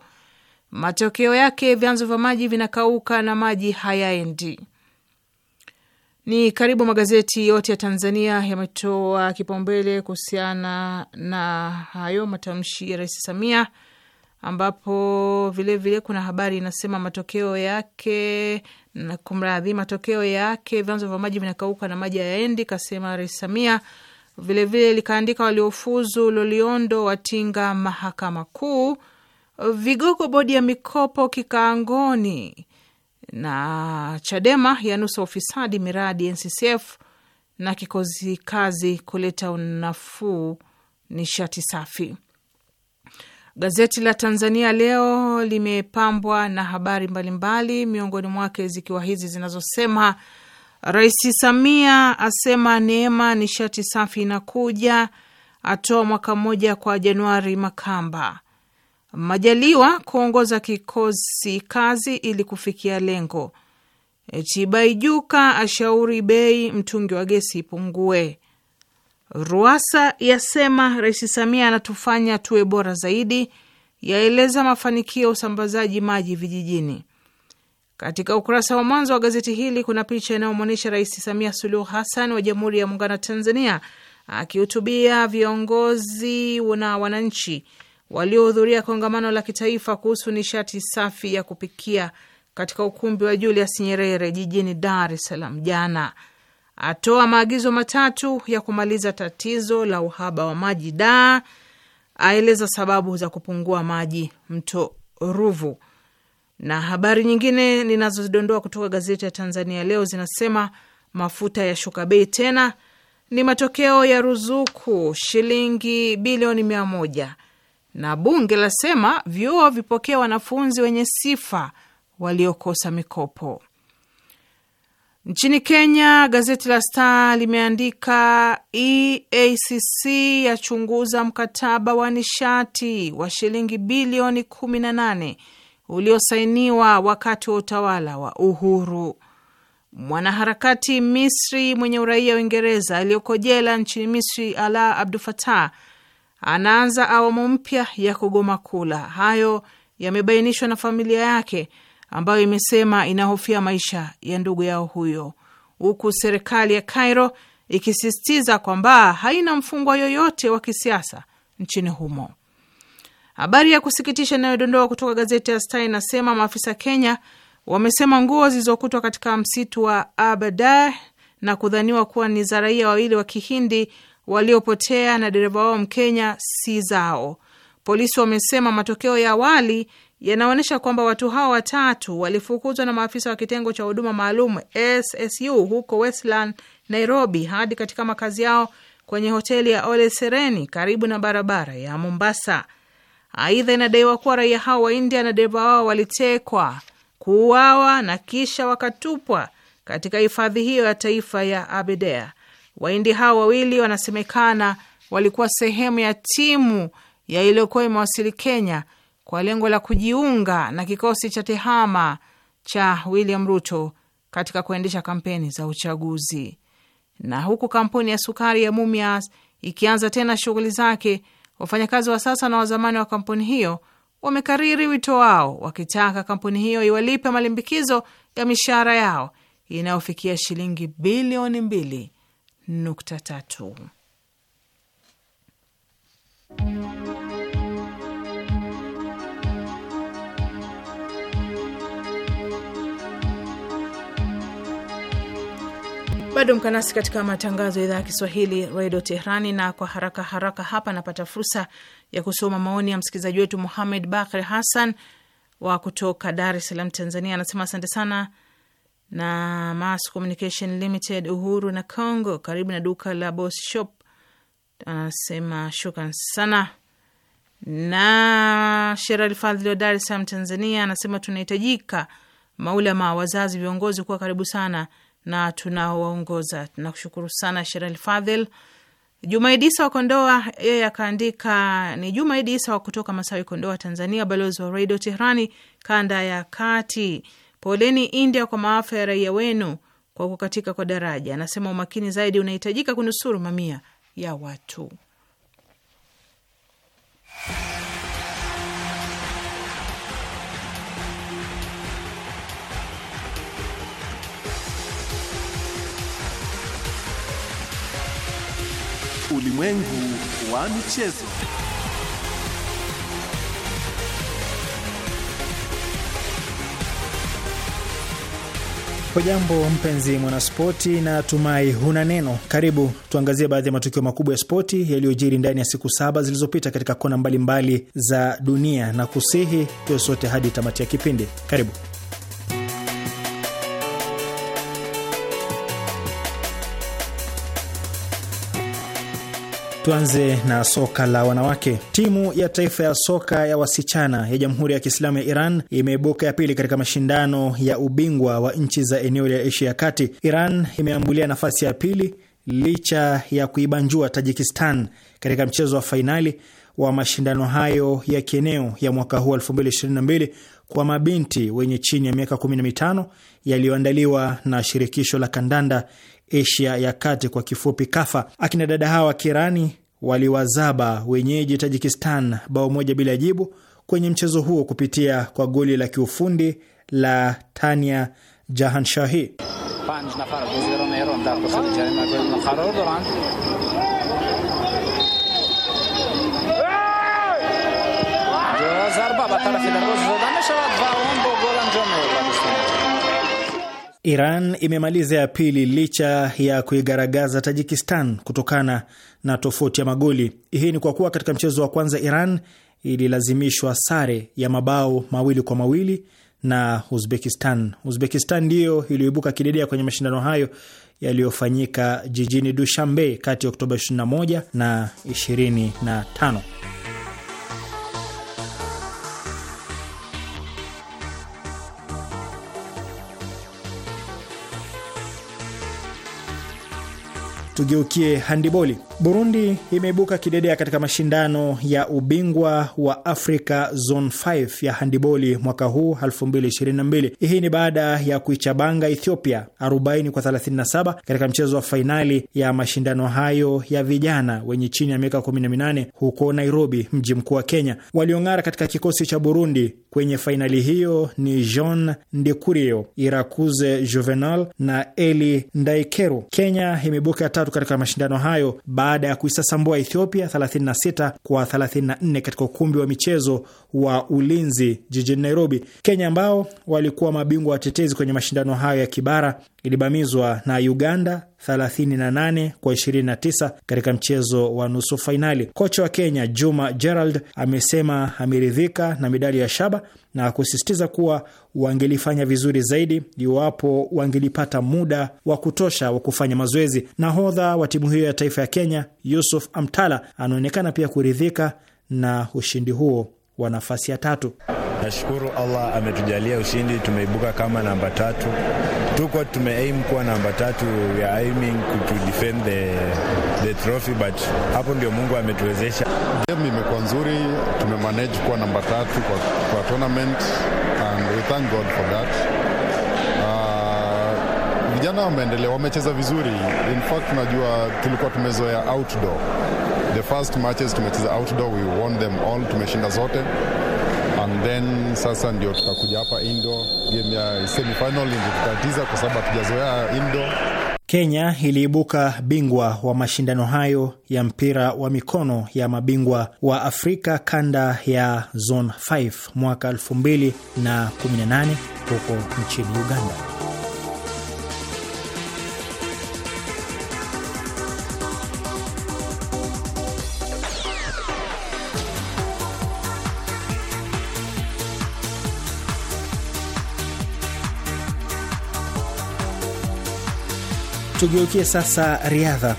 Matokeo yake vyanzo vya maji vinakauka na maji hayaendi. Ni karibu magazeti yote ya Tanzania yametoa kipaumbele kuhusiana na hayo matamshi ya Rais Samia ambapo vilevile vile kuna habari inasema matokeo yake na kumradhi, matokeo yake vyanzo vya maji vinakauka na maji hayaendi, kasema Rais Samia. Vilevile likaandika waliofuzu Loliondo watinga mahakama kuu, vigogo bodi ya mikopo kikaangoni, na Chadema yanusa ufisadi miradi NCCF na kikosi kazi kuleta unafuu nishati safi. Gazeti la Tanzania Leo limepambwa na habari mbalimbali, miongoni mwake zikiwa hizi zinazosema: Rais Samia asema neema nishati safi inakuja, atoa mwaka mmoja kwa Januari Makamba. Majaliwa kuongoza kikosi kazi ili kufikia lengo. tibaijuka ashauri bei mtungi wa gesi ipungue. Ruasa yasema Rais Samia anatufanya tuwe bora zaidi, yaeleza mafanikio ya usambazaji maji vijijini. Katika ukurasa wa mwanzo wa gazeti hili kuna picha inayomwonyesha Rais Samia Suluhu Hassan wa Jamhuri ya Muungano wa Tanzania akihutubia viongozi na wananchi waliohudhuria kongamano la kitaifa kuhusu nishati safi ya kupikia katika ukumbi wa Julius Nyerere jijini Dar es Salaam jana atoa maagizo matatu ya kumaliza tatizo la uhaba wa maji Daa, aeleza sababu za kupungua maji mto Ruvu. Na habari nyingine ninazozidondoa kutoka gazeti ya Tanzania Leo zinasema mafuta ya shuka bei tena, ni matokeo ya ruzuku shilingi bilioni mia moja na bunge lasema vyuo vipokea wanafunzi wenye sifa waliokosa mikopo. Nchini Kenya, gazeti la Star limeandika EACC yachunguza mkataba wa nishati wa shilingi bilioni 18 uliosainiwa wakati wa utawala wa Uhuru. Mwanaharakati Misri mwenye uraia Uingereza aliyoko jela nchini Misri, Ala Abdu Fatah anaanza awamu mpya ya kugoma kula. Hayo yamebainishwa na familia yake ambayo imesema inahofia maisha ya ndugu yao huyo, huku serikali ya Cairo ikisisitiza kwamba haina mfungwa yoyote wa kisiasa nchini humo. Habari ya kusikitisha inayodondoa kutoka gazeti ya Star inasema maafisa Kenya wamesema nguo zilizokutwa katika msitu wa Aberdare na kudhaniwa kuwa ni za raia wawili wa Kihindi waliopotea na dereva wao Mkenya si zao. Polisi wamesema matokeo ya awali yanaonyesha kwamba watu hao watatu walifukuzwa na maafisa wa kitengo cha huduma maalum SSU huko Westland, Nairobi, hadi katika makazi yao kwenye hoteli ya Ole Sereni karibu na barabara ya Mombasa. Aidha, inadaiwa kuwa raia hao wa India na dereva wao walitekwa, kuuawa na kisha wakatupwa katika hifadhi hiyo ya taifa ya Abedea. Waindi hao wawili wanasemekana walikuwa sehemu ya timu ya iliyokuwa imewasili Kenya kwa lengo la kujiunga na kikosi cha tehama cha William Ruto katika kuendesha kampeni za uchaguzi. Na huku kampuni ya sukari ya Mumias ikianza tena shughuli zake, wafanyakazi wa sasa na wazamani wa kampuni hiyo wamekariri wito wao wakitaka kampuni hiyo iwalipe malimbikizo ya mishahara yao inayofikia shilingi bilioni mbili nukta tatu. Bado mkanasi katika matangazo ya idhaa ya Kiswahili redio Teherani. Na kwa haraka haraka hapa napata fursa ya kusoma maoni ya msikilizaji wetu Muhamed Bakr Hassan wa kutoka Dar es Salaam, Tanzania. Anasema asante sana na Mass Communication Limited, Uhuru na Congo, karibu na duka la Boss Shop. Anasema shukran sana. Na Sherali Fadhili wa Dar es Salaam, Tanzania anasema tunahitajika maulama, wazazi, viongozi kuwa karibu sana na tunawaongoza. Tunakushukuru sana Sherali Fadhil. Jumaidi Isa wa Kondoa, yeye akaandika ni Jumaidi Isa wa kutoka Masawi, Kondoa, Tanzania, balozi wa redio Teherani kanda ya kati. Poleni India kwa maafa ya raia wenu kwa kukatika kwa daraja. Anasema umakini zaidi unahitajika kunusuru mamia ya watu. Ulimwengu wa michezo. Hujambo mpenzi mwanaspoti, na tumai huna neno. Karibu tuangazie baadhi ya matukio makubwa ya spoti yaliyojiri ndani ya siku saba zilizopita katika kona mbalimbali mbali za dunia, na kusihi tuwe sote hadi tamati ya kipindi. Karibu. Tuanze na soka la wanawake. Timu ya taifa ya soka ya wasichana ya Jamhuri ya Kiislamu ya Iran imeibuka ya pili katika mashindano ya ubingwa wa nchi za eneo la Asia ya Kati. Iran imeambulia nafasi ya pili licha ya kuibanjua Tajikistan katika mchezo wa fainali wa mashindano hayo ya kieneo ya mwaka huu 2022 kwa mabinti wenye chini ya miaka 15 yaliyoandaliwa na shirikisho la kandanda Asia ya Kati, kwa kifupi KAFA. Akina dada hawa wa Kirani waliwazaba wenyeji Tajikistan bao moja bila jibu kwenye mchezo huo kupitia kwa goli la kiufundi la Tania Jahanshahi. Iran imemaliza ya pili licha ya kuigaragaza Tajikistan kutokana na tofauti ya magoli. Hii ni kwa kuwa katika mchezo wa kwanza Iran ililazimishwa sare ya mabao mawili kwa mawili na Uzbekistan. Uzbekistan ndiyo iliyoibuka kidedea kwenye mashindano hayo yaliyofanyika jijini Dushanbe kati ya Oktoba 21 na 25. Tugeukie handiboli. Burundi imeibuka kidedea katika mashindano ya ubingwa wa africa Zone 5 ya handiboli mwaka huu 2022. Hii ni baada ya kuichabanga Ethiopia 40 kwa 37 katika mchezo wa fainali ya mashindano hayo ya vijana wenye chini ya miaka 18 huko Nairobi, mji mkuu wa Kenya. Waliong'ara katika kikosi cha Burundi kwenye fainali hiyo ni Jean Ndikurio, Irakuze Juvenal na Eli Ndaikeru. Kenya imeibuka tatu katika mashindano hayo baada ya kuisasambua Ethiopia 36 kwa 34 katika ukumbi wa michezo wa Ulinzi jijini Nairobi. Kenya ambao walikuwa mabingwa watetezi kwenye mashindano hayo ya kibara ilibamizwa na Uganda 38 kwa 29 katika mchezo wa nusu fainali. Kocha wa Kenya Juma Gerald amesema ameridhika na medali ya shaba na kusisitiza kuwa wangelifanya vizuri zaidi iwapo wangelipata muda wa kutosha wa kufanya mazoezi. Nahodha wa timu hiyo ya taifa ya Kenya Yusuf Amtala anaonekana pia kuridhika na ushindi huo wa nafasi ya tatu. Nashukuru Allah ametujalia ushindi, tumeibuka kama namba tatu tuko tume aim kuwa namba tatu, we are aiming to defend the, the trophy, but hapo ndio Mungu ametuwezesha. Game imekuwa nzuri, manage kuwa namba tatu kwa, kwa tournament and we thank God for that. Ah, vijana wameendelea, wamecheza vizuri. In fact, najua tulikuwa tumezoea outdoor. The first matches tumecheza outdoor, we won them all, tumeshinda zote and then sasa ndio tutakuja hapa indo game ya semifinal ndio tutatiza kwa sababu hatujazoea indo. Kenya iliibuka bingwa wa mashindano hayo ya mpira wa mikono ya mabingwa wa Afrika kanda ya Zone 5 mwaka 2018 huko nchini Uganda. Tugeukie sasa riadha.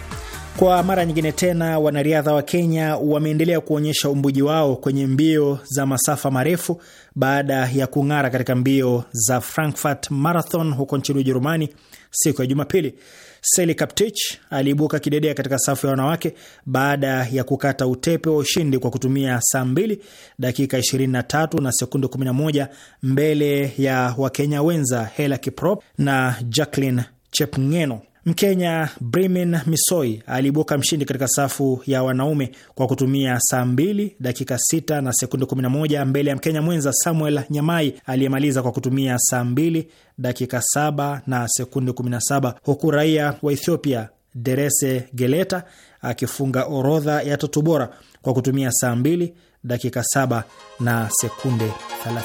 Kwa mara nyingine tena wanariadha wa Kenya wameendelea kuonyesha umbuji wao kwenye mbio za masafa marefu baada ya kung'ara katika mbio za Frankfurt Marathon huko nchini Ujerumani siku ya Jumapili. Seli Kaptich aliibuka kidedea katika safu ya wanawake baada ya kukata utepe wa ushindi kwa kutumia saa 2 dakika 23 na sekunde 11 mbele ya Wakenya wenza Hela Kiprop na Jacqueline Chepngeno. Mkenya Brimin Misoi aliibuka mshindi katika safu ya wanaume kwa kutumia saa 2 dakika 6 na sekunde 11 mbele ya Mkenya mwenza Samuel Nyamai aliyemaliza kwa kutumia saa 2 dakika 7 na sekunde 17, huku raia wa Ethiopia Derese Geleta akifunga orodha ya tatu bora kwa kutumia saa 2 dakika 7 na sekunde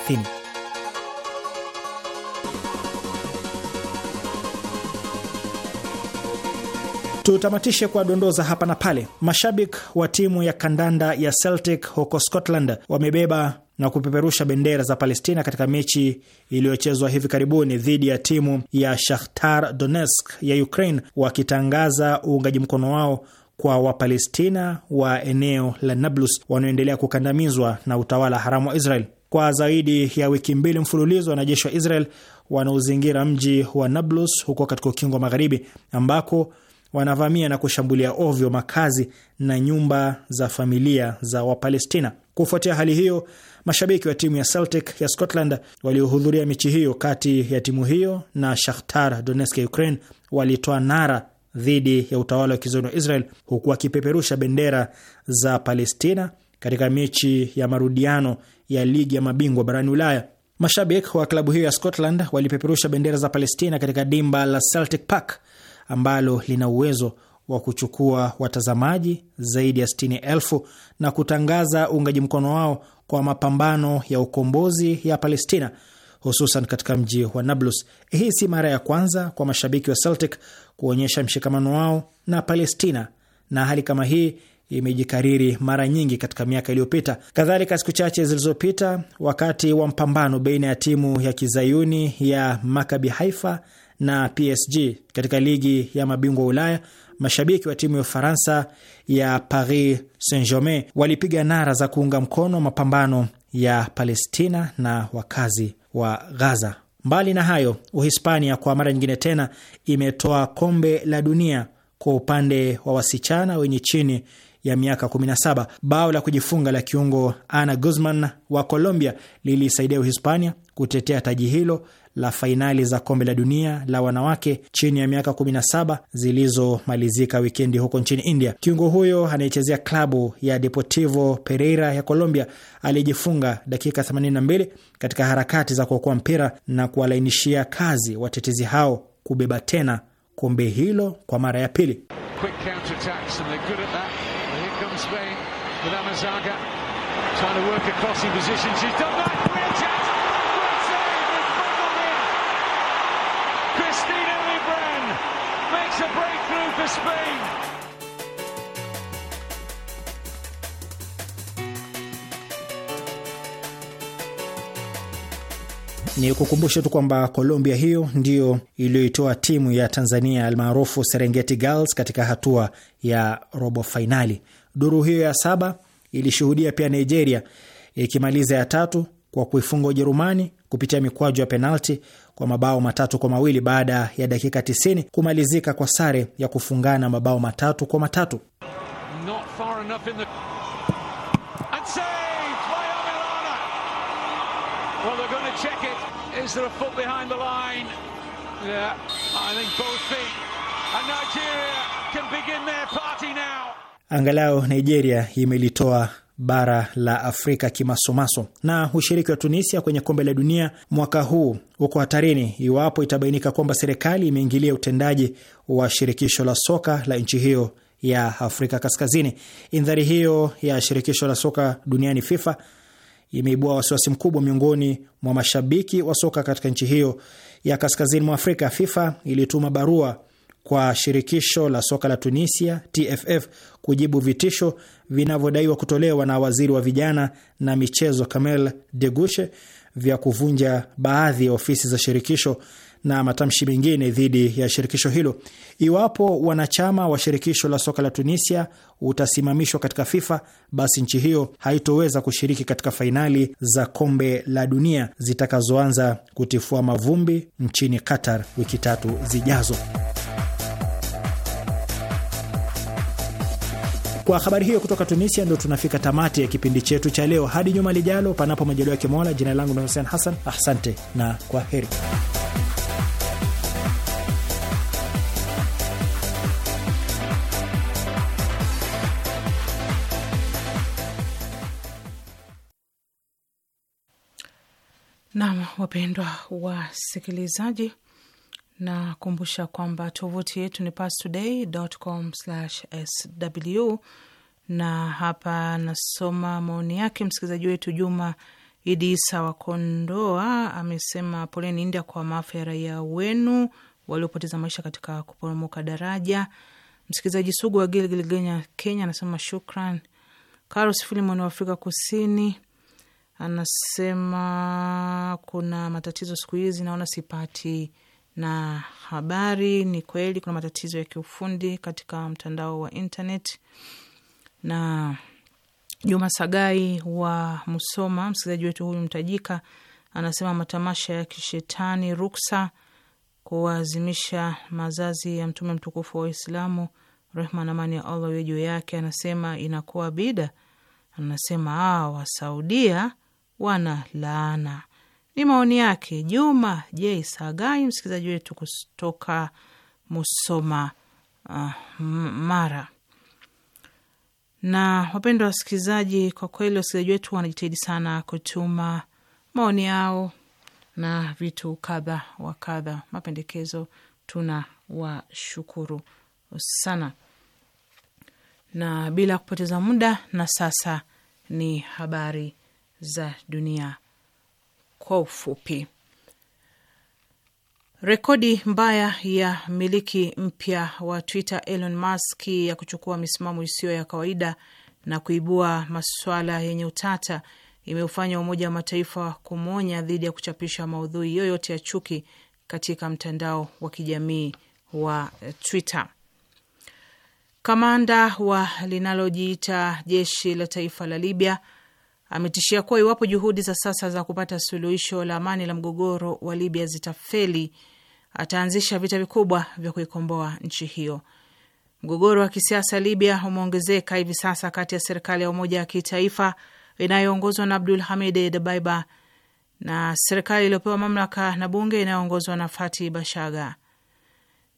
30. Tutamatishe kwa dondoza hapa na pale. Mashabiki wa timu ya kandanda ya Celtic huko Scotland wamebeba na kupeperusha bendera za Palestina katika mechi iliyochezwa hivi karibuni dhidi ya timu ya Shakhtar Donetsk ya Ukraine, wakitangaza uungaji mkono wao kwa Wapalestina wa eneo la Nablus wanaoendelea kukandamizwa na utawala haramu wa Israel. Kwa zaidi ya wiki mbili mfululizo, wanajeshi wa Israel wanaozingira mji wa Nablus huko katika ukingo wa magharibi ambako wanavamia na kushambulia ovyo makazi na nyumba za familia za Wapalestina. Kufuatia hali hiyo, mashabiki wa timu ya Celtic ya Scotland waliohudhuria mechi hiyo kati ya timu hiyo na Shakhtar Donetsk ya Ukraine walitoa nara dhidi ya utawala wa kizoni wa Israel huku wakipeperusha bendera za Palestina katika mechi ya marudiano ya ligi ya mabingwa barani Ulaya. Mashabiki wa klabu hiyo ya Scotland walipeperusha bendera za Palestina katika dimba la Celtic Park ambalo lina uwezo wa kuchukua watazamaji zaidi ya sitini elfu na kutangaza uungaji mkono wao kwa mapambano ya ukombozi ya Palestina hususan katika mji wa Nablus. Hii si mara ya kwanza kwa mashabiki wa Celtic kuonyesha mshikamano wao na Palestina, na hali kama hii imejikariri mara nyingi katika miaka iliyopita. Kadhalika, siku chache zilizopita, wakati wa mpambano baina ya timu ya kizayuni ya Makabi Haifa na PSG katika ligi ya mabingwa Ulaya, mashabiki wa timu ya Ufaransa ya Paris Saint-Germain walipiga nara za kuunga mkono mapambano ya Palestina na wakazi wa Gaza. Mbali na hayo, Uhispania kwa mara nyingine tena imetoa kombe la dunia kwa upande wa wasichana wenye chini ya miaka 17. Bao la kujifunga la kiungo Ana Guzman wa Colombia liliisaidia Uhispania kutetea taji hilo la fainali za kombe la dunia la wanawake chini ya miaka 17 zilizomalizika wikendi huko nchini India. Kiungo huyo anayechezea klabu ya Deportivo Pereira ya Colombia aliyejifunga dakika 82 katika harakati za kuokoa mpira na kuwalainishia kazi watetezi hao kubeba tena kombe hilo kwa mara ya pili. Quick Spain. Ni kukumbusha tu kwamba Colombia hiyo ndiyo iliyoitoa timu ya Tanzania almaarufu Serengeti Girls katika hatua ya robo fainali. Duru hiyo ya saba ilishuhudia pia Nigeria ikimaliza ya tatu kwa kuifunga Ujerumani kupitia mikwaju ya penalti kwa mabao matatu kwa mawili baada ya dakika 90 kumalizika kwa sare ya kufungana mabao matatu kwa matatu. Angalau Nigeria imelitoa bara la Afrika kimasomaso. Na ushiriki wa Tunisia kwenye kombe la dunia mwaka huu uko hatarini iwapo itabainika kwamba serikali imeingilia utendaji wa shirikisho la soka la nchi hiyo ya Afrika Kaskazini. Indhari hiyo ya shirikisho la soka duniani FIFA imeibua wasiwasi mkubwa miongoni mwa mashabiki wa soka katika nchi hiyo ya kaskazini mwa Afrika. FIFA ilituma barua kwa shirikisho la soka la Tunisia TFF kujibu vitisho vinavyodaiwa kutolewa na waziri wa vijana na michezo Kamel Deguche vya kuvunja baadhi ya ofisi za shirikisho na matamshi mengine dhidi ya shirikisho hilo. Iwapo wanachama wa shirikisho la soka la Tunisia utasimamishwa katika FIFA, basi nchi hiyo haitoweza kushiriki katika fainali za kombe la dunia zitakazoanza kutifua mavumbi nchini Qatar wiki tatu zijazo. Kwa habari hiyo kutoka Tunisia, ndio tunafika tamati ya kipindi chetu cha leo. Hadi nyuma lijalo, panapo majaliwa ya Kimola. Jina langu ni Hussein Hassan, asante na kwa heri. Nam, wapendwa wasikilizaji Nakumbusha kwamba tovuti yetu ni pastoday.com/sw, na hapa nasoma maoni yake msikilizaji wetu Juma Idi Isa wa Kondoa. Amesema poleni India kwa maafa ya raia wenu waliopoteza maisha katika kuporomoka daraja. Msikilizaji sugu wa Gilgil, Kenya anasema shukran. Carlos Filimon wa Afrika Kusini anasema kuna matatizo siku hizi, naona sipati na habari. Ni kweli kuna matatizo ya kiufundi katika mtandao wa internet. Na Juma Sagai wa Musoma, msikilizaji wetu huyu mtajika, anasema matamasha ya kishetani ruksa kuwaazimisha mazazi ya Mtume mtukufu wa Waislamu, rehma na amani ya Allah iwe juu yake, anasema inakuwa bida. Anasema ah, Wasaudia wana laana. Ni maoni yake Juma J Sagai, msikilizaji wetu kutoka Musoma, uh, Mara. Na wapendwa wasikilizaji, kwa kweli wasikilizaji wetu wanajitahidi sana kutuma maoni yao na vitu kadha wa kadha, mapendekezo. tuna washukuru sana, na bila kupoteza muda, na sasa ni habari za dunia kwa ufupi. Rekodi mbaya ya miliki mpya wa Twitter Elon Musk ya kuchukua misimamo isiyo ya kawaida na kuibua masuala yenye utata imeufanya Umoja wa Mataifa kumwonya dhidi ya kuchapisha maudhui yoyote ya chuki katika mtandao wa kijamii wa Twitter. Kamanda wa linalojiita jeshi la taifa la Libya ametishia kuwa iwapo juhudi za sasa za kupata suluhisho la amani la mgogoro wa Libya zitafeli, ataanzisha vita vikubwa vya kuikomboa nchi hiyo. Mgogoro wa kisiasa Libya umeongezeka hivi sasa kati ya serikali ya umoja wa kitaifa inayoongozwa na Abdul Hamid Dbaiba na serikali iliyopewa mamlaka na bunge inayoongozwa na Fati Bashaga.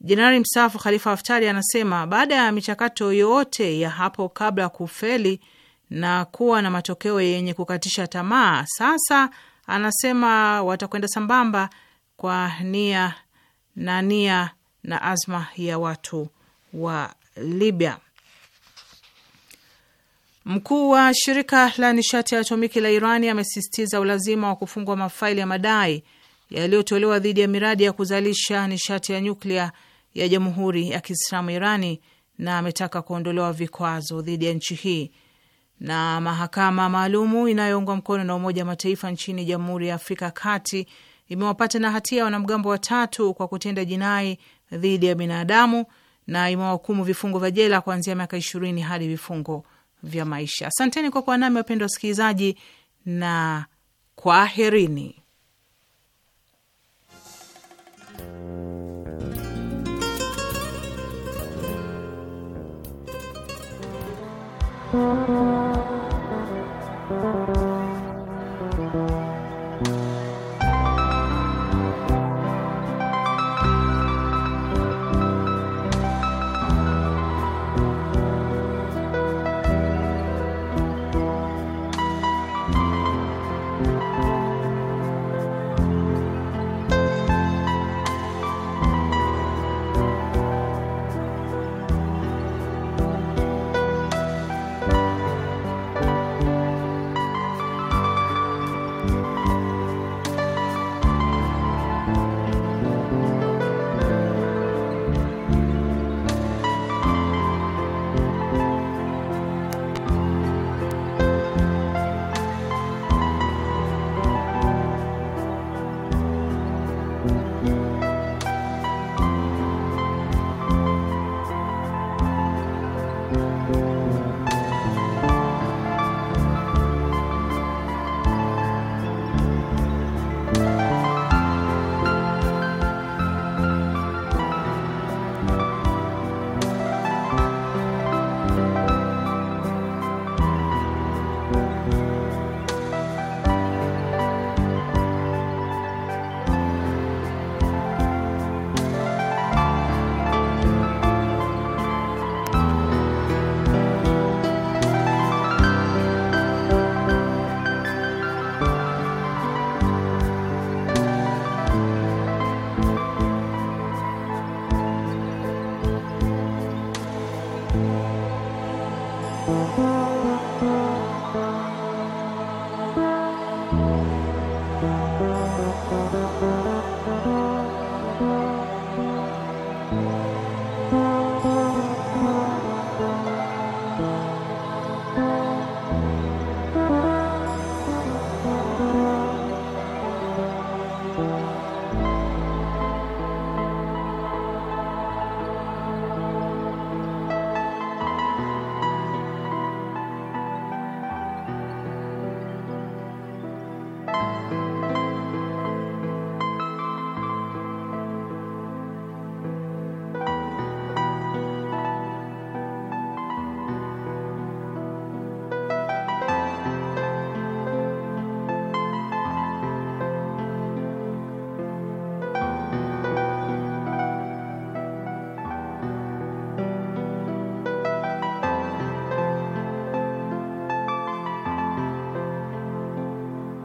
Jenerali mstaafu Khalifa Haftari anasema baada ya michakato yote ya hapo kabla kufeli na kuwa na matokeo yenye kukatisha tamaa. Sasa anasema watakwenda sambamba kwa nia na nia na azma ya watu wa Libya. Mkuu wa shirika la nishati ya atomiki la Irani amesisitiza ulazima wa kufungwa mafaili ya madai yaliyotolewa dhidi ya miradi ya kuzalisha nishati ya nyuklia ya Jamhuri ya Kiislamu Irani na ametaka kuondolewa vikwazo dhidi ya nchi hii na mahakama maalumu inayoungwa mkono na Umoja wa Mataifa nchini Jamhuri ya Afrika ya Kati imewapata na hatia wanamgambo watatu kwa kutenda jinai dhidi ya binadamu na imewahukumu vifungo vya jela kuanzia miaka ishirini hadi vifungo vya maisha. Asanteni kwa kuwa nami wapendwa wasikilizaji, na kwaherini. Thank you.